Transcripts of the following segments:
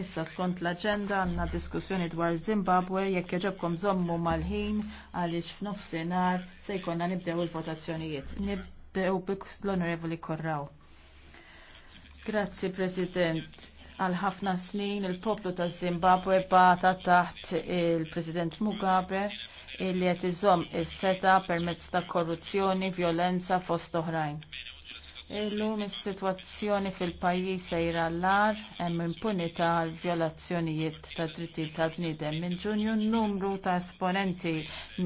Issa skont l-agenda għanna diskussjoni dwar Zimbabwe jekk jġobkom zommu mal-ħin għaliex f'nofsinhar se jkollna nibdew il-votazzjonijiet. Nibdew bik l-Onorevoli Korraw. Grazzi President. Għal ħafna snin il-poplu ta' Zimbabwe bata taħt il-President Mugabe li qed iżomm is-seta permezz ta' korruzzjoni, violenza fost oħrajn Illum is-sitwazzjoni fil-pajjiż sejra l-ar hemm impunità għal vjolazzjonijiet ta' drittijiet tal-bniedem. Minn Ġunju numru ta' esponenti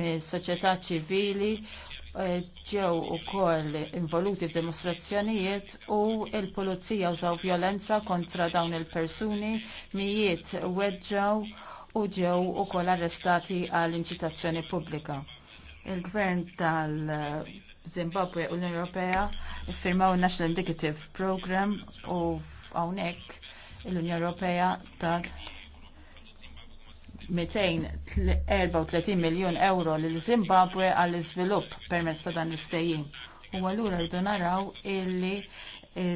mis soċjetà ċivili eh, ġew ukoll involuti f'dimostrazzjonijiet u l pulizija użaw vjolenza kontra dawn il-persuni mijiet weġġaw u ġew ukoll arrestati għall inċitazzjoni pubblika. Il-gvern tal Zimbabwe u l-Unjoni Ewropea iffirmaw il-National Indicative Program u hawnhekk l-Unjoni Ewropea ta' 234 miljon euro lil Zimbabwe għall iżvilupp permezz ta' dan il-ftehim. U allura rridu naraw illi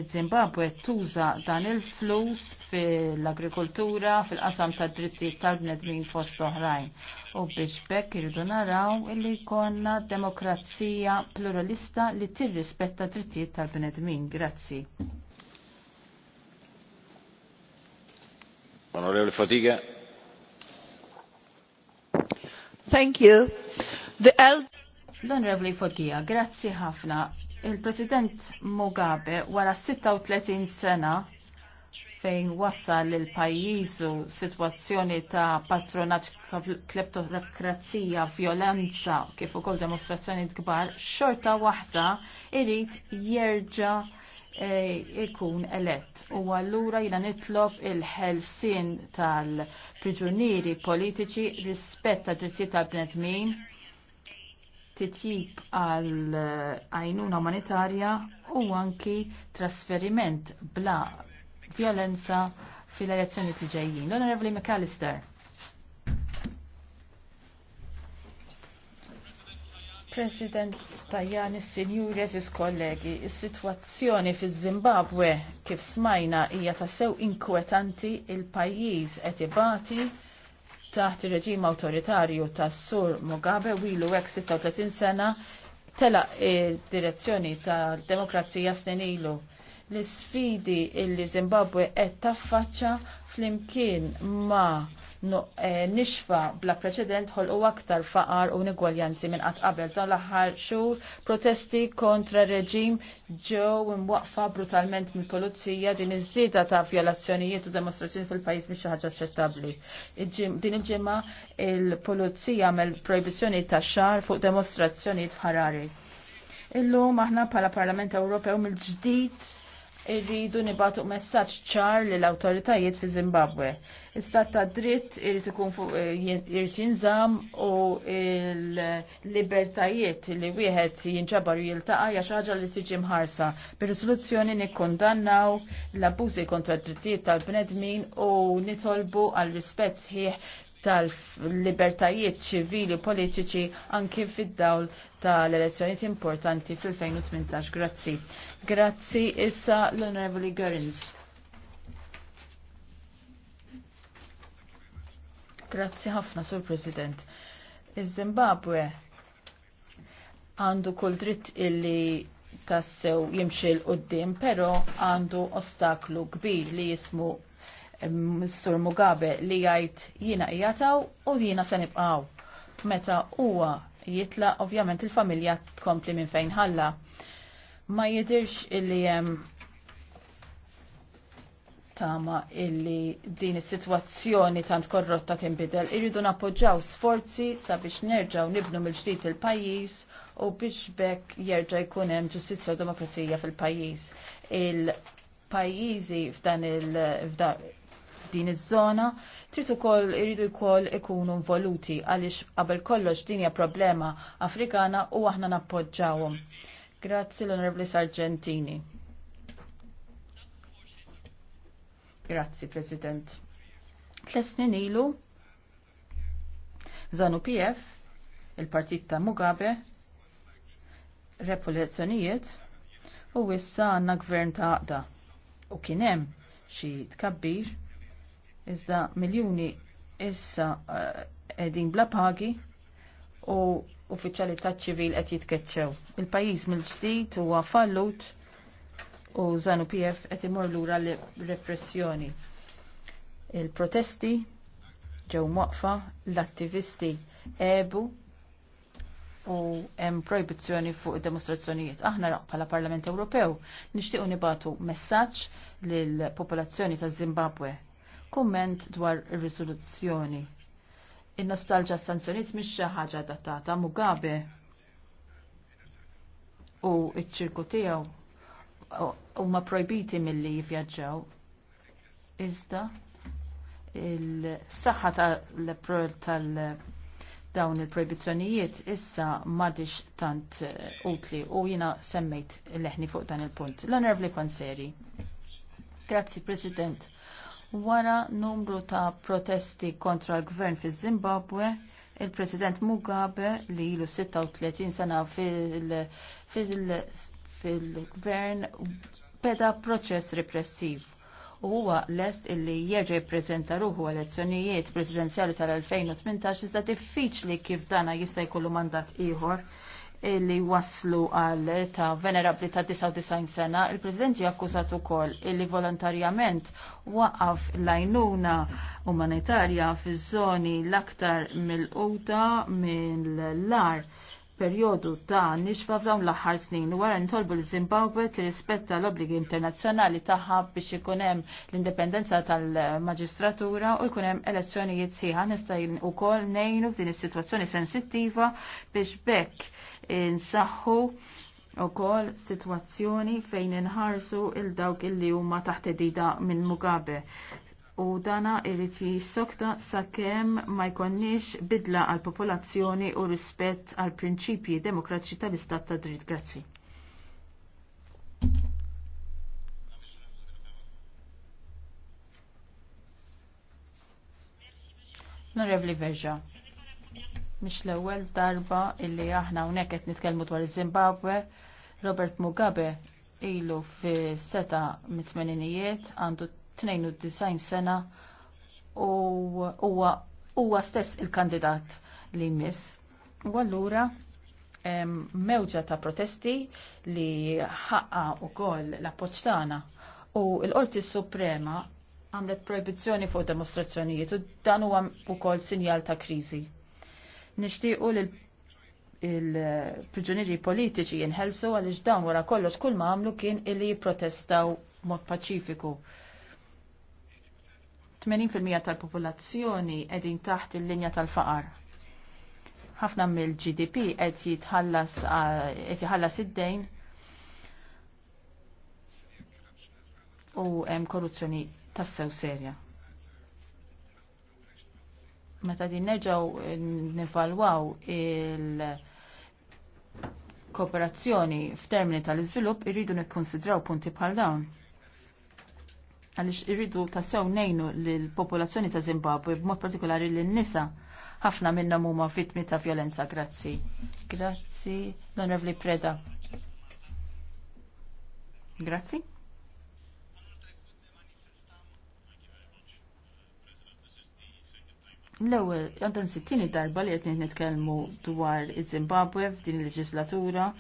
Zimbabwe tuża dan il-flus fil-agrikoltura, fil-qasam ta' dritti tal-bnedmin fost oħrajn. U biex bekk irridu naraw illi konna demokrazija pluralista li tirrispetta drittijiet tal-bnedmin. Grazzi. Onorevole Fatiga. Thank you. The L. l grazzi ħafna il-President Mugabe wara 36 sena fejn wassal lil pajjiżu sitwazzjoni ta' patronaġġ kleptokrazija, vjolenza kif ukoll demostrazzjoni kbar, xorta waħda irid jerġa' eh, ikun elett. U allura jina nitlob il-ħelsin tal-priġunieri politiċi rispett tad drittijiet tal-bnedmin titjib għal eh, għajnuna umanitarja u anki trasferiment bla violenza fil-elezzjoni li ġejjin. L-Onorevoli McAllister. President Tajani, Sinjuri, Eżis kollegi, is-sitwazzjoni fiż zimbabwe kif smajna hija ta sew inkwetanti il-pajjiż qed ibati taħt ir-reġim awtoritarju tas-sur Mugabe wilu hekk 36 sena tela eh, direzzjoni ta' demokrazija stenilu l-sfidi illi Zimbabwe qed taffaċċa flimkien ma no, e, nixfa bla preċedent ħolqu aktar faqar u negwaljanzi minn qatt qabel dan l-aħħar xhur protesti kontra reġim ġew imwaqfa brutalment mill-pulizija din iż-żieda ta' vjolazzjonijiet u demostrazzjoni fil-pajjiż mhix xi ħaġa aċċettabbli. Din il-ġimgħa il-pulizija mill projbizzjoni ta' xar fuq demostrazzjonijiet f'Ħarari. Illum aħna bħala Parlament Ewropew mill-ġdid irridu nibatu messaġġ ċar lill awtoritajiet fi Zimbabwe. Istat ta' dritt irrit ikun eh, jinżamm u l-libertajiet li wieħed jinġabar u jiltaqa' hija xi ħaġa li tiġi mħarsa. per risoluzzjoni nikkondannaw l-abbużi kontra d-drittijiet tal-bnedmin u nitolbu għal rispett sħiħ tal-libertajiet ċivili u politiċi anki fid-dawl tal-elezzjonijiet importanti fil-2018. Grazzi. Grazzi issa l-Onorevoli Görins. Grazzi ħafna, Sur President. Iż-Zimbabwe għandu kull dritt illi tassew jimxil qoddim, pero għandu ostaklu kbir li jismu Sur Mugabe li jgħid jina jgħataw u jina se nibqaw. Meta huwa jitla ovvjament il-familja tkompli minn fejn ħalla ma jidirx illi jem tama illi din is-sitwazzjoni tant korrotta tinbidel, irridu nappoġġaw sforzi sabiex nerġaw nibnu mill-ġdid il-pajjiż u biex bekk jerġa' jkun hemm ġustizzja u demokrazija fil-pajjiż. Il-pajjiżi f'dan il din iż-żona trid ukoll iridu jkoll ikunu involuti għaliex qabel kollox din hija problema Afrikana u aħna nappoġġawhom. Grazzi l'onorevole Sargentini. Grazzi, President. Tlesnin ilu, Zanu PF, il-partit ta' Mugabe, repolizjonijiet, u issa għanna gvern ta' għaqda. U kienem xi tkabbir, iżda miljoni issa edin eh, bla pagi u uffiċjalità ċivil qed jitkeċċew. Il-pajjiż mill-ġdid huwa fallut u Zanu PF qed imur lura l repressjoni. Il-protesti ġew moqfa l-attivisti ebu u hemm proibizzjoni fuq id-demostrazzjonijiet. Aħna bħala Parlament Ewropew nixtiequ nibatu messaġġ lill popolazzjoni taż Zimbabwe. Kumment dwar ir-riżoluzzjoni in-nostalġa sanzjoniet mhix xi ħaġa datata Mugabe u ċ-ċirku tiegħu huma projbiti milli jivvjaġġaw. Iżda il-saħħa tal dawn il-proibizzjonijiet issa m'għadix tant eh, utli u jiena semmejt leħni fuq dan il-punt. L-onorevli Panseri. Grazzi, President. Wara numru ta' protesti kontra l-gvern fi Zimbabwe, il-President Mugabe li ilu 36 sena fil-gvern beda proċess repressiv. U huwa lest illi jerġa' jippreżenta ruħu elezzjonijiet presidenzjali tal-2018 iżda diffiċli kif dana jista' jkollu mandat ieħor li waslu għal ta' venerabli ta' 99 sena, il-President ġi akkużat ukoll li volontarjament waqaf l-għajnuna umanitarja fi żoni l-aktar mill-quta mill-lar perjodu ta' nixfa f'dawn l-aħħar snin u wara nitolbu l zimbabwe tirrispetta l-obbligi internazzjonali tagħha biex ikun hemm l-indipendenza tal-maġistratura u jkun hemm elezzjonijiet sieħa nista' wkoll ngħinu f'din is-sitwazzjoni sensittiva biex bekk insaħħu wkoll sitwazzjoni fejn inħarsu il dawk illi huma taħt edida minn Mugabe u dana irrid jissokta sakemm ma jkollniex bidla għall popolazzjoni u rispett għall prinċipji demokratiċi tal-istat ta' dritt. Grazzi. Onorevli Verġa, mish l-ewwel darba illi aħna hawnhekk qed nitkellmu dwar iż-Zimbabwe, Robert Mugabe ilu fi seta mit-tmeninijiet għandu 92 sena u huwa stess il-kandidat li miss. U allura mewġa ta' protesti li ħaqqa u koll la poċtana u l-Qorti Suprema għamlet proibizzjoni fuq demonstrazzjonijiet u dan huwa wkoll sinjal ta' kriżi. Nixtiequ li il-priġunieri politiċi jinħelsu għaliex dan wara kollox kull ma għamlu kien illi jipprotestaw mod paċifiku. 80% tal-popolazzjoni edin taħt il-linja tal-faqar. ħafna mill-GDP qed jitħallas qed jħallas id-dejn u hemm korruzzjoni tassew serja. Meta din nerġgħu nevalwaw il kooperazzjoni f'termini tal-iżvilupp irridu nikkonsidraw punti bħal dawn għaliex irridu sew nejnu l-popolazzjoni ta' Zimbabwe b'mod partikolari l-nisa ħafna minna huma vittmi ta' violenza. Grazzi. Grazzi. L-Onorevli Preda. Grazzi. L-ewwel għandan sittini darba li qed nitkellmu dwar iż-Zimbabwe f'din il-leġislatura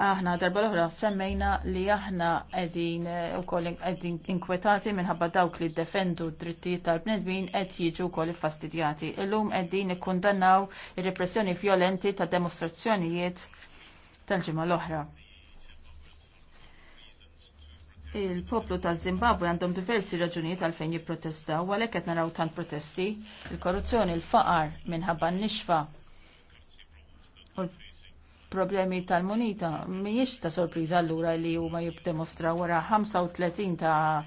Aħna darba l-oħra semmejna li aħna qegħdin eh, ukoll qegħdin inkwetati minħabba dawk li defendu d-drittijiet tal-bnedmin qed jiġu wkoll fastidjati. Illum qegħdin ikkundannaw ir-repressjoni vjolenti ta' demostrazzjonijiet tal-ġimgħa l-oħra. Il-poplu ta' Zimbabwe għandhom diversi raġunijiet għalfejn jipprotestaw, għalhekk qed naraw tant protesti, il-korruzzjoni, il-faqar minħabba n-nixfa problemi tal-munita. Mhijiex ta' sorpriża allura li huma jibdemostraw wara 35 ta'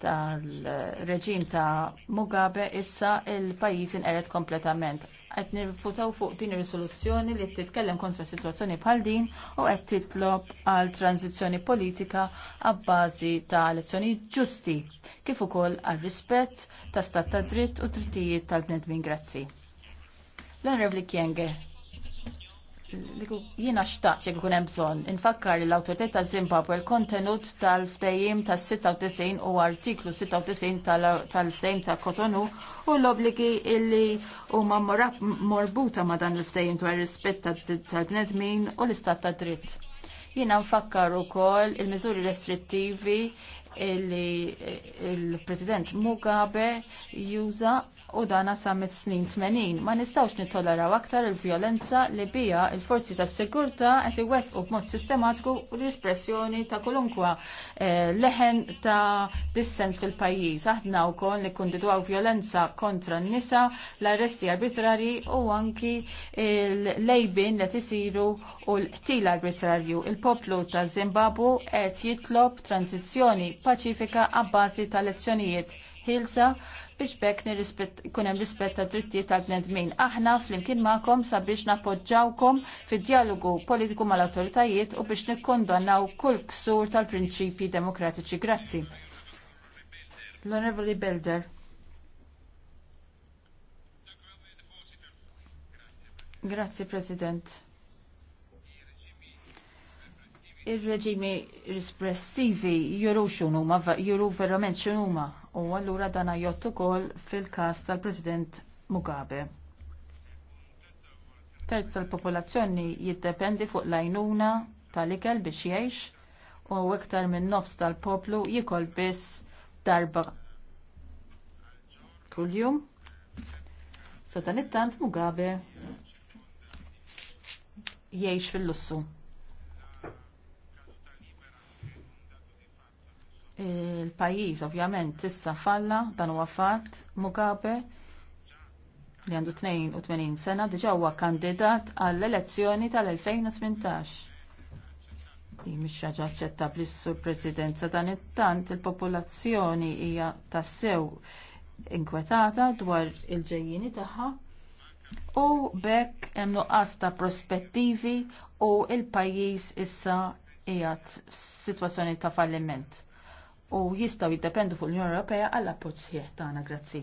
tal-reġim ta' Mugabe issa il-pajis inqered kompletament. Qed nirfutaw fuq din ir-risoluzzjoni li titkellem kontra situazzjoni bħal din u qed titlob għal tranzizzjoni politika abbażi ta' lezzjoni ġusti kif ukoll għal rispett ta' stat ta' dritt u drittijiet tal-bnedmin grazzi. L-Onorevli Kienge, Jina xtaqt jekk ikun hemm bżonn infakkar l awtoritet ta' Zimbabwe l-kontenut tal-ftehim tas-96 u artiklu 96 tal-ftehim ta' Kotonu u l-obbligi illi huma morbuta ma' dan il-ftehim dwar rispett tal-bnedmin u l-istat ta' dritt. Jiena nfakkar ukoll il-miżuri restrittivi illi eh, il-President Mugabe juża u dana sa mit snin 80. Ma nistawx nittoleraw aktar il-vjolenza li bija il-forzi ta' sigurta qed iwettqu b'mod sistematiku u l-espressjoni ta' kolunkwa eh, leħen ta' dissens fil-pajjiż. Aħna wkoll li kundidwaw violenza kontra n-nisa, l-arresti arbitrari u anki l-lejbin li tisiru u l-qtil arbitrarju. Il-poplu ta' Zimbabwe qed jitlob transizjoni paċifika għabbasi ta' lezzjonijiet ħilsa biex bekk ikun hemm rispett ta' drittijiet tal-bnedmin. Aħna flimkien magħkom sabiex napoġġawkom fid-dialogu politiku mal-awtoritajiet u biex nikkondannaw kull ksur tal-prinċipji demokratiċi. Grazzi. L-Onorevoli Belder. Grazzi, President ir-reġimi rispressivi juru x'unuma, juru verament x'unuma u allura dana jottu ukoll fil-każ tal-President Mugabe. Terz tal-popolazzjoni jiddependi fuq l tal-ikel biex jiex u iktar minn nofs tal-poplu jikol biss darba kuljum. Sa dan it-tant Mugabe jgħix fil-lussu. Il-pajjiż ovvjament issa falla dan huwa fatt Mugabe li għandu 82 sena diġa huwa kandidat għall-elezzjoni tal-2018. Li mhix ħaġa aċċettabbli sur presidenza dan it-tant il-popolazzjoni hija tassew inkwetata dwar il-ġejjini tagħha u bekk hemm nuqqas ta' prospettivi u l pajjiż issa qiegħed f'sitwazzjoni ta' falliment u jistgħu jiddependu fuq l-Unjoni Ewropea għall appoġġ sħiħ tagħna. Grazzi.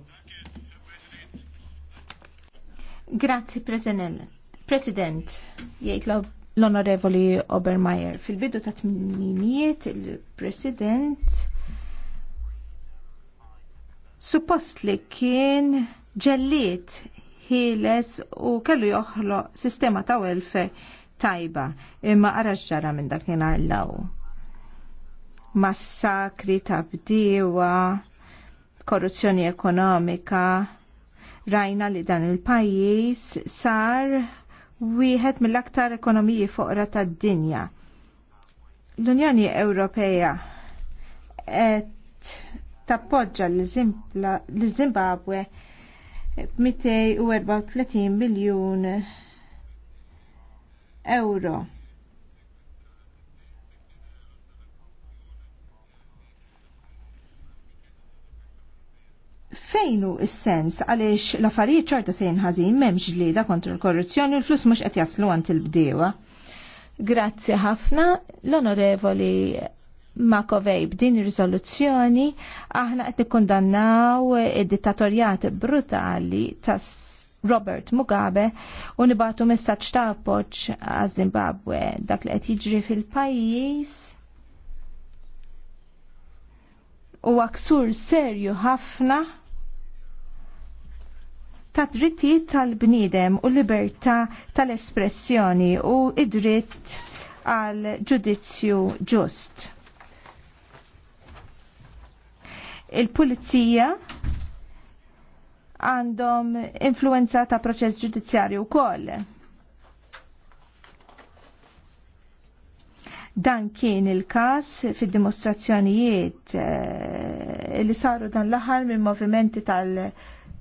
Grazzi President, jgħid l-Onorevoli Obermeyer. Fil-bidu ta' tminijiet il-President suppost li kien ġelliet ħieles u kellu joħloq sistema ta' welfare tajba imma qara ġara minn dak l-law massakri ta' bdiewa, korruzzjoni ekonomika. Rajna li dan il-pajjiż sar wieħed mill-aktar ekonomiji foqra tad-dinja. L-Unjoni Ewropea qed tappoġġa l-Zimbabwe b-234 miljun euro. jgħinu s-sens għaliex l-affarijiet ċorta se jinħażin m'hemmx ġlieda kontra l-korruzzjoni u l-flus mhux qed jaslu għand il-bdiewa. Grazzi ħafna l-onorevoli Makovej b'din ir-riżoluzzjoni aħna qed nikkundannaw id-dittatorjat brutali tas Robert Mugabe u nibatu messaġġ ta' appoġġ għaż Zimbabwe dak li qed jiġri fil-pajjiż u għaksur serju ħafna ta' drittijiet tal-bniedem u libertà tal-espressjoni u id-dritt għal ġudizzju ġust. Il-pulizija għandhom influenza ta' proċess ġudizzjarju wkoll. Dan kien il-każ fid-dimostrazzjonijiet eh, li saru dan l-aħħar minn movimenti tal-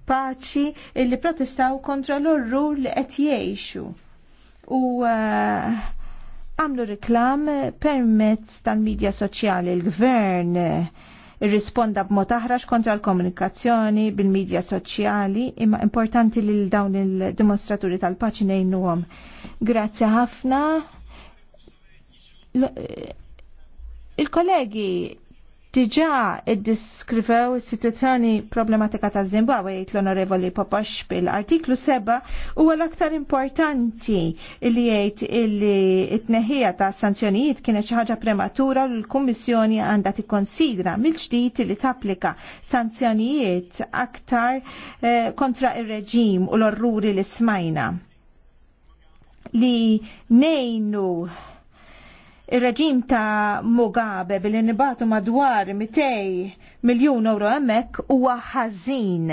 Paċi li protestaw kontra l-orru li qed jgħixu. U eh, għamlu riklam permezz tal-medja soċjali l-gvern eh, risponda b'mod aħrax kontra l-komunikazzjoni bil-medja soċjali imma importanti li dawn il-dimostraturi tal-paċi nejnuhom. Grazzi ħafna. Eh, il-kollegi diġa id-diskrivew situazzjoni problematika ta' Zimbabwe l-onorevoli Popoxpil. Artiklu 7 u l-aktar importanti li jgħid illi t-neħija ta' sanzjonijiet kienet xi ħaġa prematura u l-Kummissjoni għandha tikkonsidra mill-ġdid li tapplika sanzjonijiet aktar eh, kontra ir-reġim u l-orruri li smajna li nejnu Ir-reġim ta' Mugabe billi nibatu madwar 200 miljun euro hemmhekk huwa ħażin.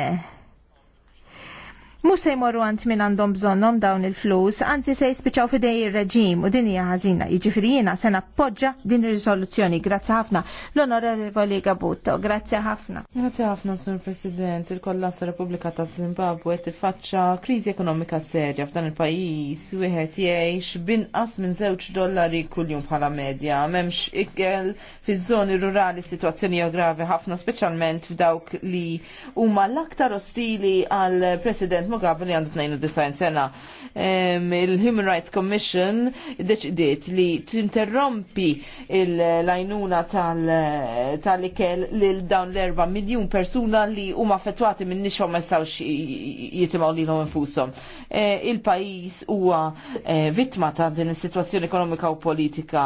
Mhux se jmorru għand minn għandhom bżonnhom dawn il-flus, anzi se jispiċaw fidej il reġim u din hija ħażina. Jiġifieri se nappoġġa din ir rizoluzzjoni Grazzi ħafna. L-Onorevoli Gabutto, grazie ħafna. Grazzi ħafna, Sur President. Il-Kollas Repubblika ta' Zimbabwe tiffaċċa kriżi ekonomika serja f'dan il-pajjiż wieħed jgħix binqas minn żewġ dollari kuljum bħala medja. M'hemmx ikkel fiż-żoni rurali situazzjoni gravi ħafna speċjalment f'dawk li huma l-aktar ostili għal President ma Mugabe li għandu 92 sena. Il-Human Rights Commission deċidiet li tinterrompi l ajnuna tal-ikel lil dawn l erba miljon persuna li huma affettwati minn nix ma jistawx jitimaw li l għom infusom. Eh, il-pajis huwa eh, vittma ta' din is-sitwazzjoni ekonomika u politika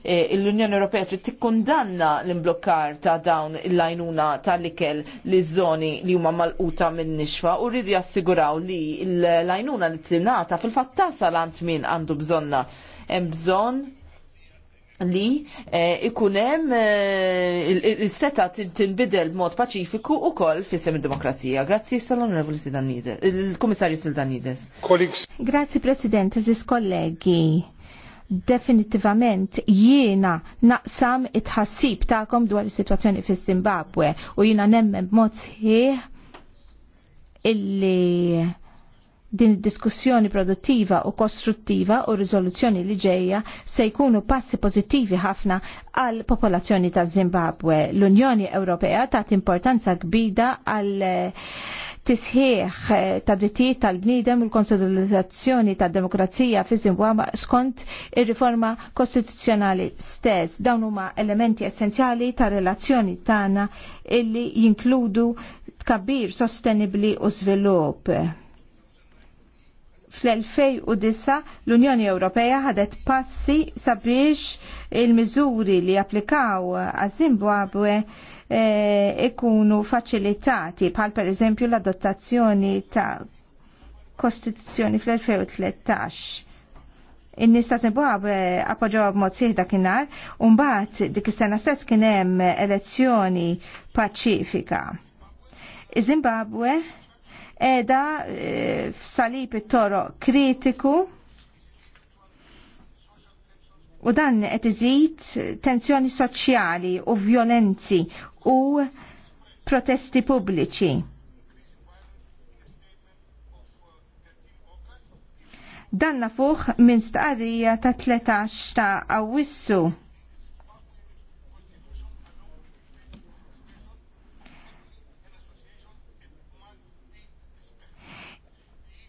Eh, l-Unjoni Ewropea trid tikkundanna l-imblokkar ta' dawn il-lajnuna tal-ikel li żoni li huma malquta min-nixfa u rridu jassiguraw li l-lajnuna li tingħata fil-fatt tasal għand min għandu bżonna. Hemm bżonn li eh, ikunem eh, il-seta tinbidel mod paċifiku u koll fissem il-demokrazija. Grazzi, sal-onorevoli Sidanides, il-komissarju Sildanides. Grazzi, President, ziz kollegi definitivament jiena naqsam it-ħassib ta'kom dwar is-sitwazzjoni fi Zimbabwe u jiena nemmen b'mod sħiħ illi din diskussjoni produttiva u kostruttiva u riżoluzzjoni li ġejja se jkunu passi pozittivi ħafna għal popolazzjoni ta' Zimbabwe. L-Unjoni Ewropea tat importanza kbida għal tisħiħ eh, ta' drittijiet tal-bniedem u l-konsolidazzjoni tad demokrazija fi Zimbabwe skont ir-riforma kostituzzjonali stess. Dawn huma elementi essenzjali ta' relazzjoni tagħna illi jinkludu tkabbir sostenibli u żvilupp fl-2009 l-Unjoni Ewropea ħadet passi sabiex il-miżuri li applikaw għaż-Zimbabwe eh, ikunu e faċilitati bħal per eżempju l-adottazzjoni ta' Kostituzzjoni fl-2013. In-nista Zimbabwe appoġġaw b'mod sieħ dakinhar u mbagħad dik is-sena stess kien hemm elezzjoni paċifika. Iż-Zimbabwe edha eh, f'salib it-toro kritiku u dan qed iżid tensjoni soċjali u vjolenzi u protesti pubbliċi. Dan nafuħ minn stqarrija ta' 13 ta' Awwissu.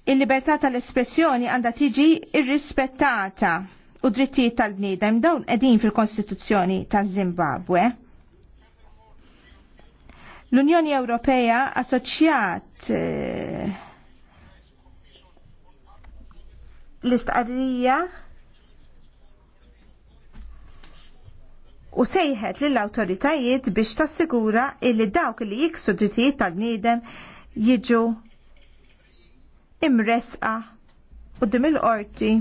Il-libertà tal-espressjoni għandha tiġi irrispettata u drittijiet tal-bniedem dawn qegħdin fil-Kostituzzjoni ta' zimbabwe L-Unjoni Ewropea assoċjat eh, l-istqarrija u sejħet lill awtoritajiet biex tassigura illi dawk li jiksu drittijiet tal-bniedem jiġu imresqa u dim il-qorti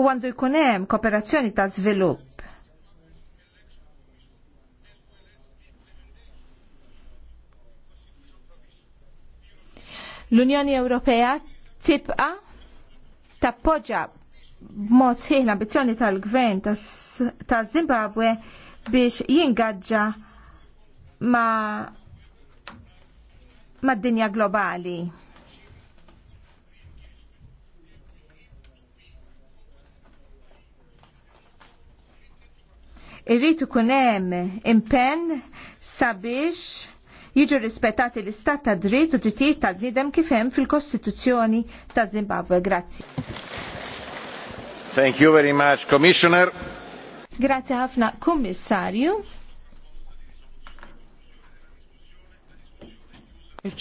u għandu jkun hemm kooperazzjoni ta' żvilupp. L-Unjoni Ewropea tibqa tappoġġa b'mod sieħ l-ambizzjoni tal-gvern ta' Zimbabwe biex jingaġġa ma' mad-dinja globali. Irrid ikun hemm impenn sabiex jiġu rispettati l-istat ta' dritt u drittijiet tal-bniedem kif hemm fil-Kostituzzjoni ta' Zimbabwe. Grazzi. Thank you very much, Commissioner. Grazie ħafna, Kummissarju.